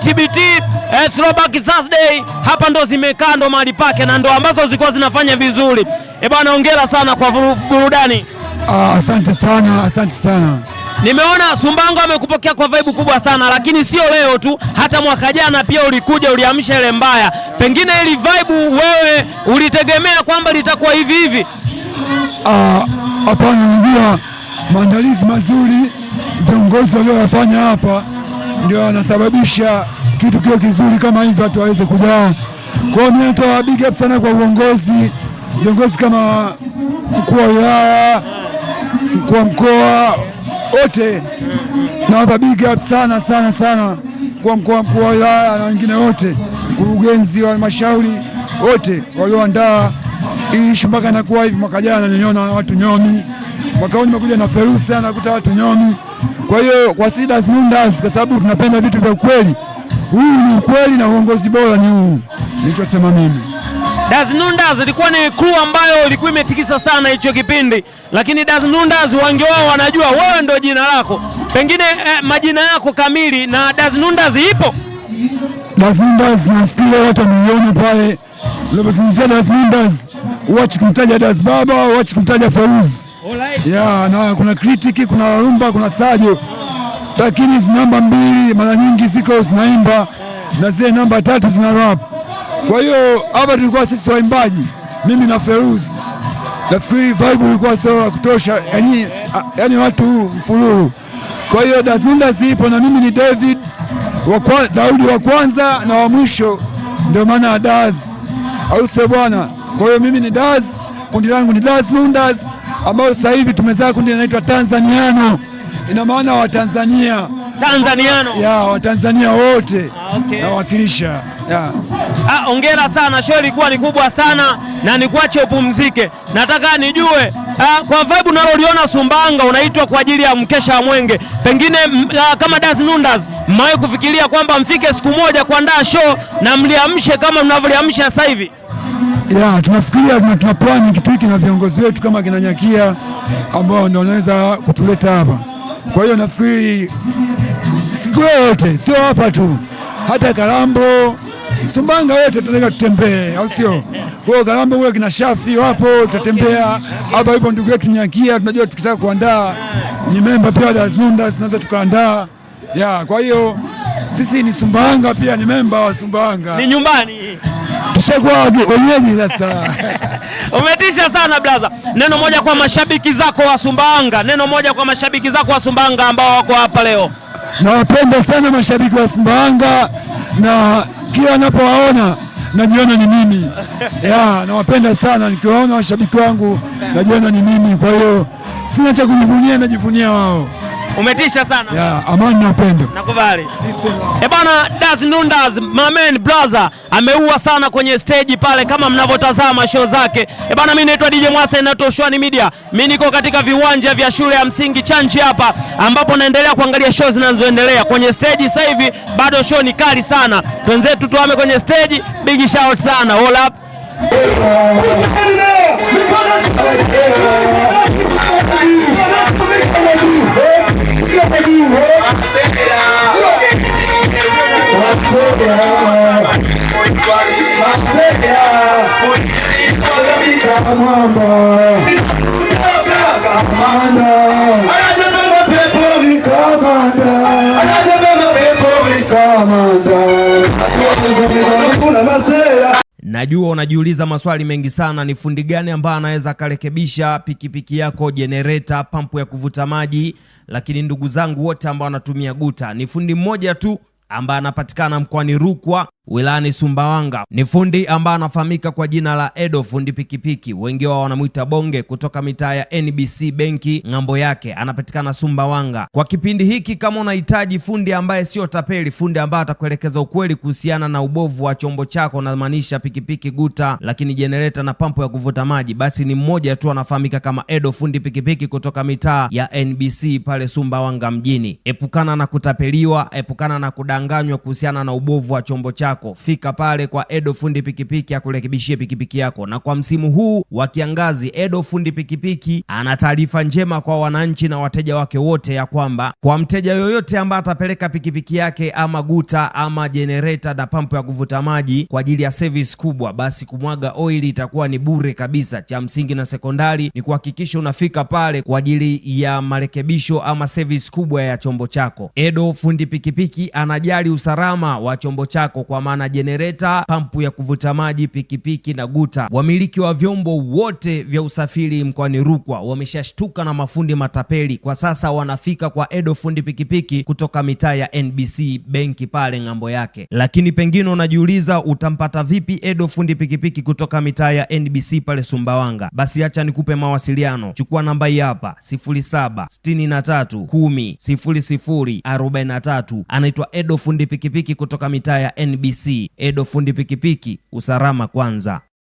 TBT eh, Throwback Thursday hapa ndo zimekaa ndo mahali pake na ndo ambazo zilikuwa zinafanya vizuri. Eh, bwana hongera sana kwa burudani. Ah, asante sana, asante sana. Nimeona Sumbango amekupokea kwa vibe kubwa sana, lakini sio leo tu, hata mwaka jana pia ulikuja uliamsha ile mbaya. Pengine ile vibe wewe ulitegemea kwamba litakuwa hivi hivi? Ah, hapana, najua maandalizi mazuri viongozi walioyafanya hapa ndio anasababisha kitu kio kizuri kama hivyo watu waweze kujaa. Kwa hiyo mimi natoa big up sana kwa uongozi, viongozi kama mkuu wa wilaya, mkuu wa mkoa, wote nawapa big up sana sana sana, kwa mkoa, mkuu wa wilaya na wengine wote, mkurugenzi wa halmashauri wote walioandaa hii mpaka inakuwa hivi. Mwaka jana niliona watu nyomi, mwaka huu nimekuja na ferusa nakuta watu nyomi kwa hiyo kwa Cedars Nyundas, kwa sababu tunapenda vitu vya ukweli, huu ni ukweli na uongozi bora ni huu nilichosema mimi. Das Nyundas ilikuwa ni crew ambayo ilikuwa imetikisa sana hicho kipindi, lakini Das Nyundas wange wao wanajua wewe ndio jina lako pengine eh, majina yako kamili na Das Nyundas ipo. Das Nyundas nafikiri watu wameiona pale, unapozungumzia Das Nyundas huachi kumtaja Das Baba, huachi kumtaja Fauzi yeah, na kuna kritiki, kuna rumba, kuna sajo, lakini zi namba mbili mara nyingi ziko zinaimba na zile namba tatu zina rap. Kwa hiyo hapa tulikuwa sisi waimbaji, mimi na Feruzi, nafikiri vibe ilikuwa sio ya kutosha, yani yani watu mfururu Kwa hiyo dasminda zipo na mimi ni David wakwa, Daudi wa kwanza na wa mwisho, ndio maana Daz au sio bwana? Kwa hiyo mimi ni Daz, kundi langu ni Daz Nundas, ambao sasa hivi umezaa ndio inaitwa Tanzaniano, ina maana Watanzania Tanzaniano ya Watanzania wote ah, okay. Nawakilisha ya. Ah, ongera sana, show ilikuwa ni kubwa sana na nikuache upumzike. Nataka nijue ah, kwa vibe unaloliona Sumbanga, unaitwa kwa ajili ya mkesha wa Mwenge, pengine ah, kama Das Nundas mmewahi kufikiria kwamba mfike siku moja kuandaa show na mliamshe kama mnavyoliamsha sasa hivi? ya tunafikiria tuna, tuna plani kitu hiki na viongozi wetu kama kina Nyakia ambao ndio wanaweza kutuleta hapa. Kwa hiyo nafikiri siku yote sio hapa tu, hata karambo Sumbanga yote tunataka tutembee, au sio? Kwa hiyo Karambo kule kina Shafi wapo, tutatembea hapa hivyo. Ndugu yetu Nyakia tunajua tukitaka kuandaa ni memba pia Daznunda zinaweza tukaandaa ya. Kwa hiyo sisi ni sumbanga pia ni memba wa Sumbanga, ni nyumbani Tumeshakuwa wenyeji sasa. Umetisha sana blaza. Neno moja kwa mashabiki zako wa Sumbawanga, neno moja kwa mashabiki zako wa Sumbawanga ambao wako hapa leo. Nawapenda sana mashabiki wa Sumbawanga na kila anapowaona najiona ni mimi ya nawapenda sana nikiwaona washabiki wangu najiona ni mimi, kwa hiyo sina cha kujivunia, najivunia wao. Umetisha sana. Yeah, amani na upendo. Nakubali. Eh, bwana Daz Nundaz, my man brother, ameua sana kwenye stage pale kama mnavyotazama show zake. Eh, bwana mimi naitwa DJ Mwasa na Toshwani Media. Mimi niko katika viwanja vya shule ya msingi Chanji hapa ambapo naendelea kuangalia show zinazoendelea. Kwenye stage sasa hivi bado show ni kali sana. Twenzetu tuame kwenye stage, big shout sana. All up. Najua unajiuliza maswali mengi sana, ni fundi gani ambaye anaweza akarekebisha pikipiki yako, jenereta, pampu ya kuvuta maji? Lakini ndugu zangu wote ambao wanatumia guta, ni fundi mmoja tu ambaye anapatikana mkoani Rukwa wilayani Sumbawanga. Ni fundi ambaye anafahamika kwa jina la Edo fundi pikipiki, wengi wao wanamwita Bonge, kutoka mitaa ya NBC benki ng'ambo yake, anapatikana Sumbawanga. Kwa kipindi hiki, kama unahitaji fundi ambaye sio tapeli, fundi ambaye atakuelekeza ukweli kuhusiana na ubovu wa chombo chako, namaanisha pikipiki, guta, lakini jenereta na pampu ya kuvuta maji, basi ni mmoja tu anafahamika kama Edo fundi pikipiki kutoka mitaa ya NBC pale Sumbawanga mjini. Epukana na kutapeliwa, epukana na kudanganywa kuhusiana na ubovu wa chombo chako yako, fika pale kwa Edo fundi pikipiki akurekebishie pikipiki yako. Na kwa msimu huu wa kiangazi, Edo fundi pikipiki ana taarifa njema kwa wananchi na wateja wake wote, ya kwamba kwa mteja yoyote ambaye atapeleka pikipiki yake ama guta ama jenereta na pampu ya kuvuta maji kwa ajili ya service kubwa, basi kumwaga oili itakuwa ni bure kabisa. Cha msingi na sekondari ni kuhakikisha unafika pale kwa ajili ya marekebisho ama service kubwa ya chombo chako. Edo fundi pikipiki anajali usalama wa chombo chako kwa maana jenereta, pampu ya kuvuta maji, pikipiki na guta. Wamiliki wa vyombo wote vya usafiri mkoani Rukwa wameshashtuka na mafundi matapeli. Kwa sasa wanafika kwa Edo fundi pikipiki kutoka mitaa ya NBC benki pale ng'ambo yake. Lakini pengine unajiuliza utampata vipi Edo fundi pikipiki kutoka mitaa ya NBC pale Sumbawanga? Basi acha nikupe mawasiliano, chukua namba hii hapa 0763100043. Anaitwa Edo fundi pikipiki kutoka mitaa ya NBC TBC, Edo fundi pikipiki, usalama kwanza.